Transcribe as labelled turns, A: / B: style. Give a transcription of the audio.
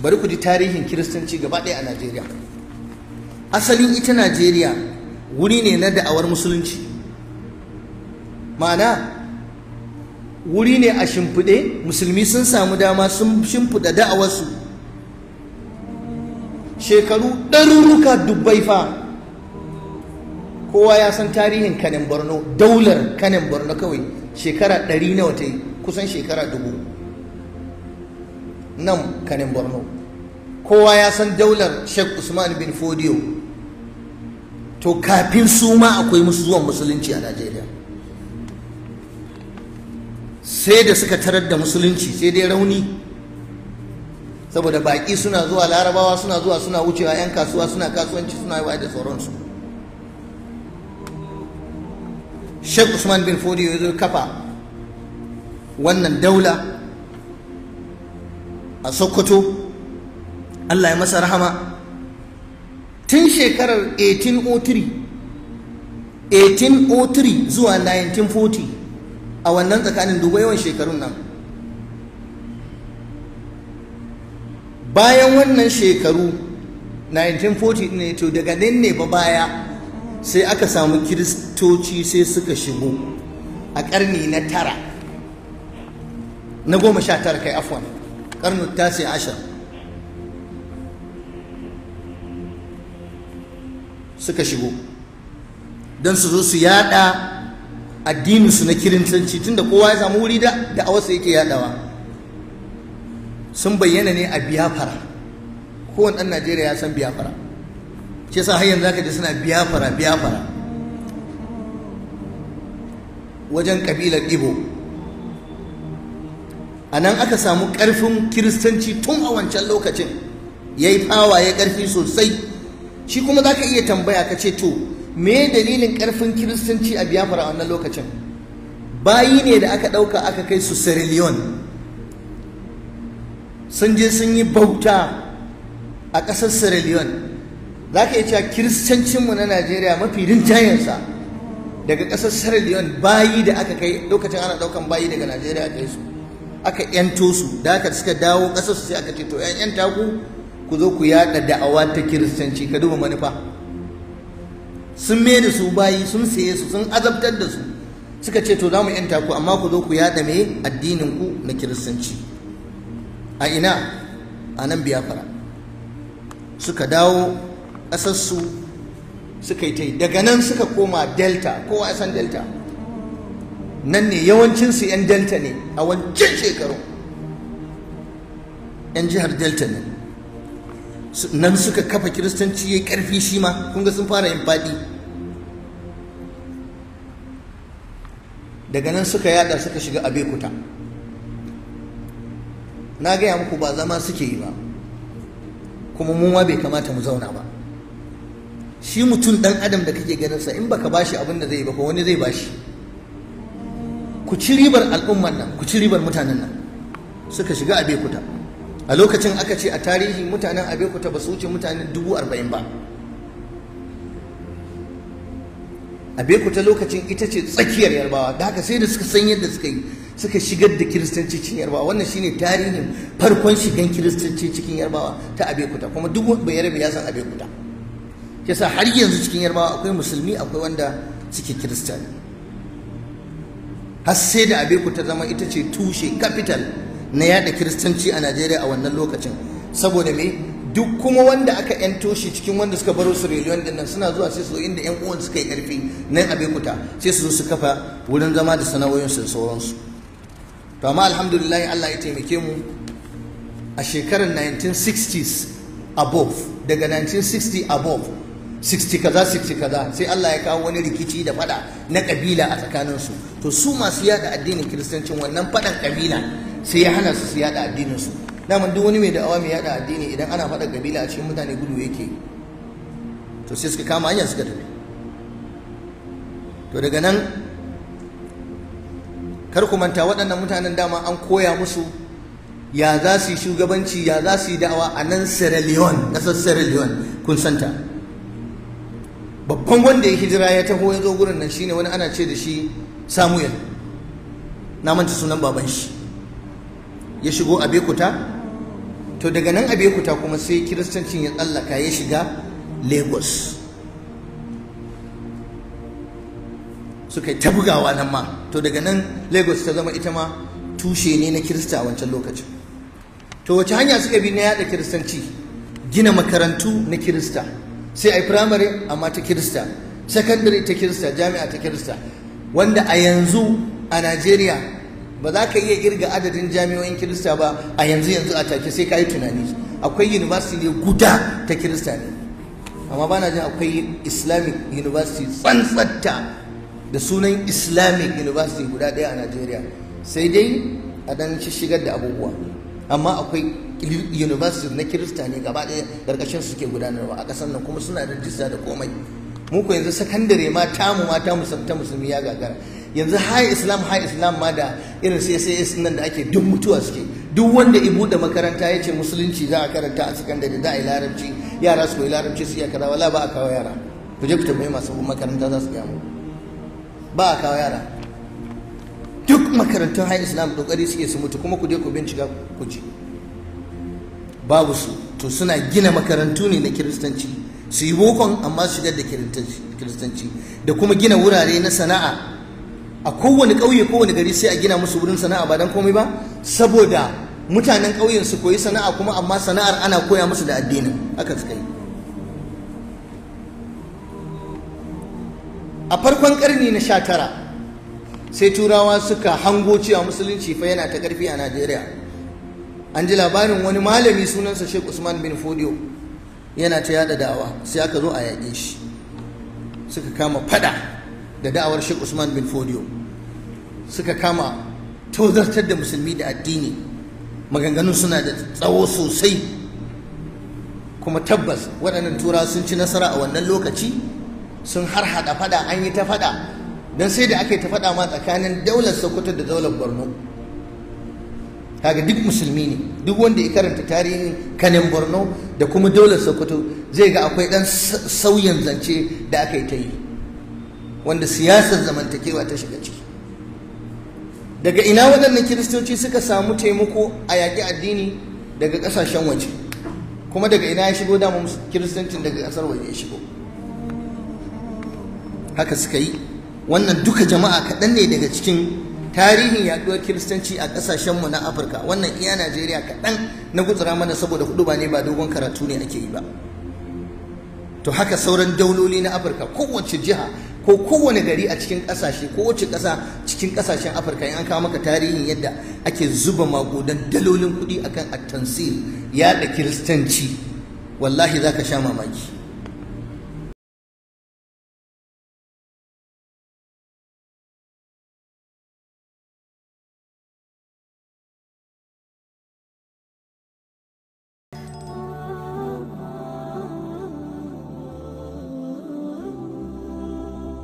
A: bari ku ji tarihin kiristanci gaba ɗaya a najeriya asalin ita najeriya wuri ne na da'awar musulunci ma'ana wuri ne a shimfiɗe musulmi sun samu dama sun shimfiɗa da'awarsu shekaru ɗaruruka dubbai fa kowa ya san tarihin kanin borno daular kanin borno kawai shekara ɗari nawa ta kusan shekara dubu nan kanin borno kowa ya san daular sheikh usman bin fodiyo to kafin su ma akwai musu zuwan musulunci a najeriya sai da suka tarar da musulunci sai dai rauni saboda baƙi suna zuwa larabawa suna zuwa suna wucewa 'yan kasuwa suna kasuwanci suna yi da sauransu sheikh usman bin fodiyo ya zo kafa wannan daula a sokoto allah ya masa rahama tun shekarar 1803 1803 zuwa 1940 a wannan tsakanin duba yawan shekarun nan bayan wannan shekaru 1940 ne to daga nan ne ba baya sai aka samu kiristoci sai suka shigo a ƙarni na tara na goma sha tara kai afwan القرن التاسع عشر suka shigo don su zo su yada addininsu na kirintanci tunda kowa ya samu wuri da wasu yake yadawa sun bayyana ne a biyafara kowane dan najeriya ya san biyafara shi sa har yanzu zaka ji suna biyafara biyafara wajen kabilar ibo a nan aka samu ƙarfin kiristanci tun a wancan lokacin ya yi fawa ya ƙarfi sosai shi kuma za ka iya tambaya ka ce to me dalilin ƙarfin kiristanci a biyafara a wannan lokacin bayi ne da aka ɗauka aka kai su sierra sun je sun yi bauta a ƙasar sierra leone za ka iya cewa kiristancinmu na najeriya mafi rinjayensa daga ƙasar Sierra bayi da aka kai lokacin ana ɗaukan bayi daga Najeriya kai su aka yanto su da aka suka dawo kasar su sai aka ce to yan yan taku ku zo ku yaɗa da'awa ta kiristanci ka duba manufa sun mai da su bayi sun saye su sun azabtar da su suka ce to za mu yan taku, amma ku zo ku yaɗa me addinin ku na kiristanci a ina a nan biyafara suka dawo ƙasarsu suka yi ta daga nan suka koma delta kowa san delta nan ne yawancinsu 'yan delta ne a wancan shekaru 'yan jihar delta ne nan suka kafa kiristanci ya karfi shi ma kun ga sun fara yin faɗi daga nan suka yada suka shiga abekuta na gaya muku ba zama suke yi ba kuma mun bai kamata mu zauna ba shi mutum ɗan adam da kake ganin sa in baka bashi abin da zai ba ko wani zai bashi ku ci ribar al'ummar nan ku ci ribar mutanen nan suka shiga abekuta a lokacin aka ce a tarihi mutanen abekuta ba su wuce mutanen dubu arba'in ba abekuta lokacin ita ce tsakiyar yarbawa da haka sai da suka san yadda suka yi suka shigar da kiristanci cikin yarbawa wannan shine tarihin farkon shigan kiristanci cikin yarbawa ta abekuta kuma duk bai yarbe ya san abekuta sa har yanzu cikin yarbawa akwai musulmi akwai wanda suke kiristani har sai da ku ta zama ita ce tushe capital na yada kiristanci a najeriya a wannan lokacin saboda me duk kuma wanda aka yan toshe cikin wanda suka baro su reliyon dinnan suna zuwa sai su zo inda yan uwan suka yi karfi nan abekuta sai su zo su kafa wurin zama da sana'o'in da sauransu to amma alhamdulillah Allah ya taimake mu a shekarar 1960s above daga 1960 above 60 kaza 60 kaza sai Allah ya kawo wani rikici da fada na kabila a tsakanin su to su masu yada addinin kiristanci wannan fadan kabila sai ya hana su su yada addinin su daman duk wani mai da'awa mai yada addini idan ana fada kabila a cikin mutane gudu yake to sai suka kama hanyar suka tafi to daga nan kar ku manta waɗannan mutanen dama an koya musu ya za su yi shugabanci ya za su yi da'awa a nan Sierra Leone ƙasar Sierra Leone kun santa babban wanda ya hijira ya taho ya zo gurin nan shine wani ana ce da shi Samuel na manta sunan baban shi ya shigo Abekuta to daga nan Abekuta kuma sai kiristancin ya tsallaka ya shiga Lagos suka yi tabugawa nan ma to daga nan Lagos ta zama ita ma tushe ne na kirista a wancan lokacin to wace hanya suka bi na yada kiristanci gina makarantu na kirista sai a yi firamare amma ta kirista sakandare ta kirista jami'a ta kirista wanda a yanzu a najeriya ba za ka iya kirga adadin jami'o'in kirista ba a yanzu yanzu a take sai ka yi tunani akwai university ne guda ta kirista ne amma ba na jin akwai islamic university tsantsatta da sunan islamic university guda ɗaya a najeriya sai dai a dan shigar da abubuwa amma akwai university na kirista ne gaba ɗaya ƙarƙashin suke gudanarwa a ƙasar nan kuma suna da rijista da komai mu ko yanzu sakandare ma tamu ma tamu ta musulmi ya gagara yanzu high islam high islam ma da irin css nan da ake duk mutuwa suke duk wanda ibu da makaranta ya ce musulunci za a karanta a sakandare za a yi larabci yara su koyi larabci su iya kaza wala ba a kawo yara ku je ku tambayi masu makaranta za su gaya ba a kawo yara duk makarantun high islam kokari suke su mutu kuma ku je ku bincika ku ji babu su to suna gina makarantu ne na kiristanci su yi bokon amma shigar da kiristanci da kuma gina wurare na sana'a a kowane ƙauye kowane gari sai a gina musu wurin sana'a ba dan komai ba saboda mutanen ƙauyen su koyi sana'a kuma amma sana'ar ana koya musu da addinin haka suka yi a farkon karni na sha tara sai turawa suka hango cewa musulunci fa yana ta ƙarfi a najeriya an ji labarin wani malami sunansa Sheikh Usman bin Fodiyo yana ta yada da'awa sai aka zo a yaƙe shi suka kama fada da da'awar Sheikh Usman bin Fodiyo suka kama tozartar da musulmi da addini maganganun suna da tsawo sosai kuma tabbas waɗannan tura sun ci nasara a wannan lokaci sun har haɗa fada an yi ta fada don sai da ake ta fada ma tsakanin daular sokoto da daular borno kaga duk musulmi ne duk wanda ya karanta tarihin kanin borno da kuma dole sokoto zai ga akwai dan sauyin zance da aka yi ta yi wanda siyasar zamantakewa ta shiga ciki daga ina waɗannan kiristoci suka samu taimako a yaƙi addini daga ƙasashen waje kuma daga ina ya shigo damar kiristancin daga ƙasar waje ya shigo haka suka yi wannan duka jama'a kaɗan ne daga cikin tarihin yaduwar kiristanci a kasashenmu na afirka wannan iya najeriya kaɗan na gutsura mana saboda hudu ba ne ba dogon karatu ne ake yi ba to haka sauran dauloli na afirka kowace jiha ko kowane gari a cikin kasashe kowace kasa cikin kasashen afirka in an kawo maka tarihin yadda ake zuba magudan dalolin kuɗi akan at-tansil yaɗa kiristanci wallahi zaka sha mamaki